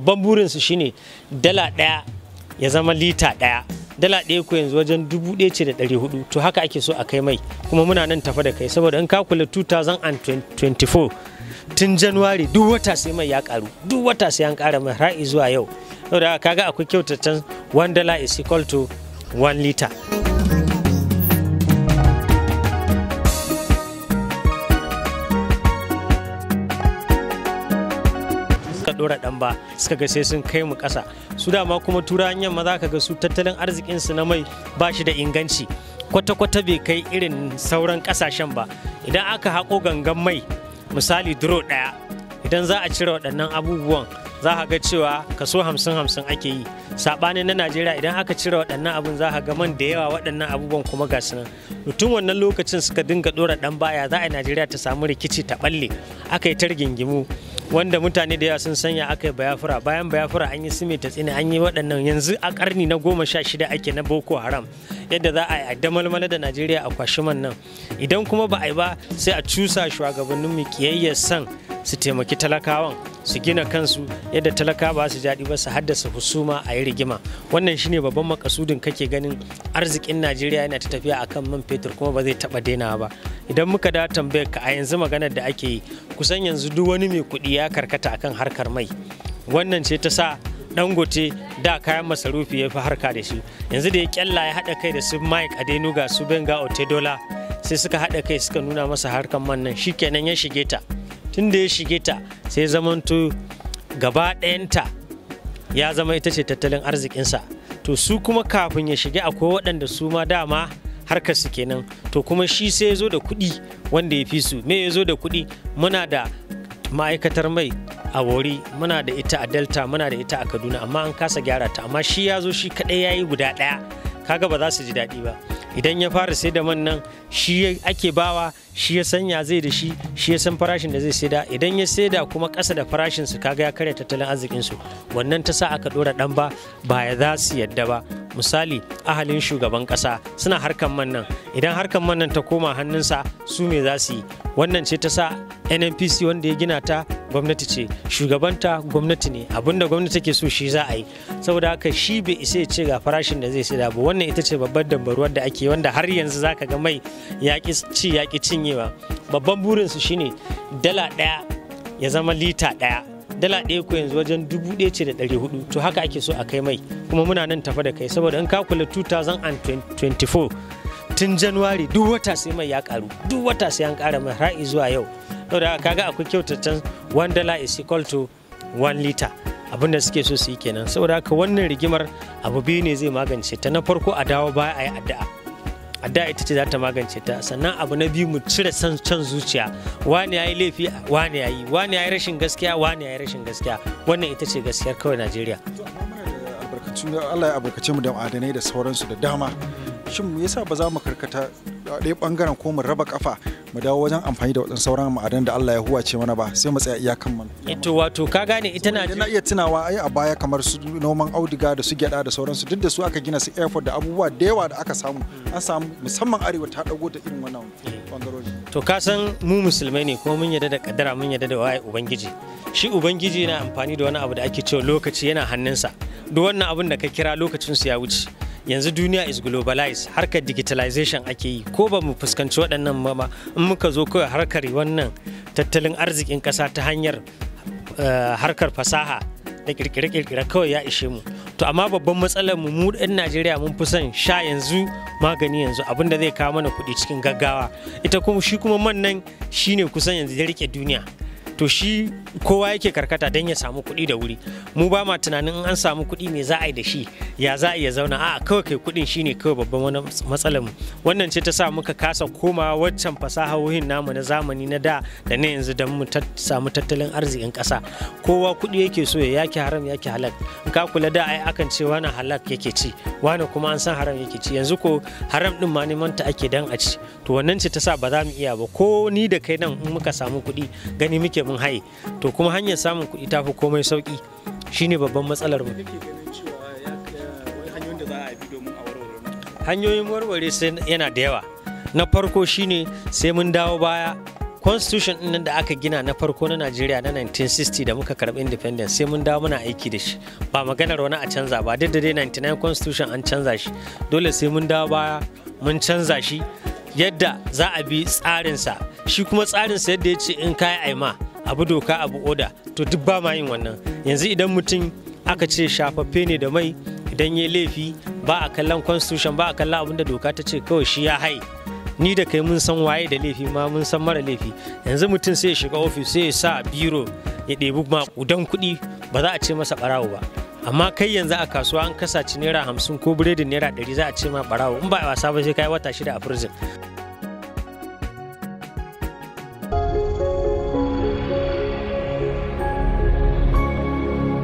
babban burinsu shine dala ɗaya ya zama lita ɗaya dala ɗaya ko yanzu wajen dubu ɗaya ce da ɗari hudu to haka ake so a kai mai kuma muna nan tafa da kai saboda in ka kula 2024 tun januwari duk wata sai mai ya karu duk wata sai an kara mai har zuwa yau saboda kaga akwai kyautattun 1 dala is equal to 1 liter haura dan ba suka ga sai sun kai mu ƙasa su dama kuma turawan yamma za ka ga su tattalin arzikinsu na mai ba shi da inganci kwata-kwata bai kai irin sauran ƙasashen ba idan aka haƙo gangan mai misali duro ɗaya idan za a cire waɗannan abubuwan za ka ga cewa kaso hamsin hamsin ake yi saɓani na najeriya idan aka cire waɗannan abun za ka ga man da yawa waɗannan abubuwan kuma ga nan mutum wannan lokacin suka dinga ɗora ɗan baya za a najeriya ta samu rikici ta ɓalle aka yi ta rigingimu wanda mutane da yawa sun sanya aka yi bayafura bayan bayafura an yi sime ta tsini an yi waɗannan yanzu a ƙarni na goma sha shida ake na boko haram yadda za a yi a damalmala da najeriya a kwashiman nan idan kuma ba a yi ba sai a cusa shugabannin mu kiyayyar san su taimaki talakawan su gina kansu yadda talaka ba su jaɗi ba su haddasa husuma a yi rigima wannan shine babban makasudin kake ganin arzikin najeriya yana ta tafiya akan man fetur kuma ba zai taɓa daina ba idan muka da tambayar ka a yanzu maganar da ake yi kusan yanzu duk wani mai kuɗi ya karkata akan harkar mai wannan ce ta sa dangote da kayan masarufi ya fi harka da shi yanzu da ya kyalla ya haɗa kai da su mike adenuga su benga otedola sai suka haɗa kai suka nuna masa harkar man nan shikenan ya shige ta tun da ya shige ta sai zamanto gaba ɗayanta ya zama ita ce tattalin arzikinsa to su kuma kafin ya shige akwai waɗanda su ma dama harkar su kenan to kuma shi sai ya zo da kuɗi wanda ya fi su me ya zo da kuɗi muna da ma'aikatar mai a wori muna da ita a delta muna da ita a kaduna amma an kasa gyara ta amma shi ya zo shi kaɗai ya yi guda ɗaya kaga ba za su ji daɗi ba idan ya fara sai da man nan shi ake bawa shi ya sanya zai da shi shi ya san farashin da zai saida idan ya saida kuma kasa da farashin su kaga ya karya tattalin arzikin su wannan ta sa aka dora dan ba ba ya za su yadda ba misali ahalin shugaban ƙasa suna harkan man nan idan harkan man nan ta koma hannunsa su me za su yi wannan ce ta sa nnpc wanda ya gina ta gwamnati ce shugabanta gwamnati ne abinda gwamnati ke so shi za a yi saboda haka shi bai isa ya ce ga farashin da zai saida ba wannan ita ce babban dambaruwar da ake wanda har yanzu zaka ga mai yaƙi ci yaƙi cinyewa babban burin su shine dala ɗaya ya zama lita ɗaya dala ɗaya ko yanzu wajen dubu ɗaya ce da ɗari hudu to haka ake so a kai mai kuma muna nan tafa da kai saboda in ka kula 2024 tun januwari duk wata sai mai ya karu duk wata sai an kara mai har zuwa yau saboda kaga akwai kyautatan 1 dollar is equal to one liter abin da suke so su yi kenan saboda haka wannan rigimar abu biyu ne zai magance ta na farko a dawo baya a yi addu'a addu'a ita ce za ta magance ta sannan abu na biyu mu cire san can zuciya wani yayi laifi wani yayi wani yayi rashin gaskiya wani yayi rashin gaskiya wannan ita ce gaskiyar kawai Najeriya Allah ya albarkace mu da adanai da sauransu da dama shin me yasa ba za mu karkata ɗaya bangaren ko mu raba kafa mu dawo wajen amfani da waɗansu sauran ma'adan da Allah ya huwace mana ba sai mu tsaya iyakan mu to wato ka gane ita na na iya tunawa ai a baya kamar su noman auduga da su gyada da sauransu duk da su aka gina su airport da abubuwa da yawa da aka samu an samu musamman arewa ta dago da irin wannan bangarori to ka san mu musulmai ne kuma mun yarda da kaddara mun yarda da wai ubangiji shi ubangiji yana amfani da wani abu da ake cewa lokaci yana hannunsa duk wannan abin da ka kira lokacin su ya wuce yanzu duniya is globalized harkar digitalization ake yi ko ba mu fuskanci waɗannan mama in muka zo kawai harkar wannan tattalin arzikin ƙasa ta hanyar eh, harkar fasaha da kirkire-kirkire kawai ya ishe mu to amma babban matsalar mu mu ɗan najeriya mun fi son sha yanzu magani yanzu abin da zai kawo mana kuɗi cikin gaggawa ita kuma shi kuma man nan shine kusan yanzu ya rike duniya to shi kowa yake karkata don ya samu kuɗi da wuri mu ba ma tunanin in an samu kuɗi me za a yi da shi ya za a iya zauna a kawai kai kudin shine kawai babban wani matsalar mu wannan ce ta sa muka kasa koma waccan fasaha wuhin namu na zamani na da da na yanzu don mu samu tattalin arzikin kasa kowa kudi yake so ya yaki haram yake halal ka kula da ai akan ce wani halak yake ci wani kuma an san haram yake ci yanzu ko haram din ma neman ta ake dan a ci to wannan ce ta sa ba za mu iya ba ko ni da kai nan in muka samu kudi gani muke mun haye to kuma hanyar samun kudi ta fi komai sauki shine babban matsalar mu hanyoyin warware sai yana da yawa na farko shine sai mun dawo baya constitution ɗin da aka gina na farko na najeriya na 1960 da muka karbi independence sai mun dawo muna aiki da shi ba maganar wani a canza ba duk da dai 99 constitution an canza shi dole sai mun dawo baya mun canza shi yadda za a bi tsarinsa shi kuma tsarinsa yadda ya ce in yi aima abu doka abu oda to duk ba ma yin wannan yanzu idan mutum aka ce shafaffe ne da mai dan ya laifi ba a kallon constitution ba a kallon abin da doka ta ce kawai shi ya hai ni da kai mun san waye da laifi ma mun san mara laifi yanzu mutum sai ya shiga ofis sai ya sa biro ya ɗebi maƙudan kuɗi ba za a ce masa ɓarawo ba amma kai yanzu a kasuwa an ci naira hamsin ko biredin naira ɗari za a ce ma ɓarawo in ba a wasa ba sai kai wata shida a prison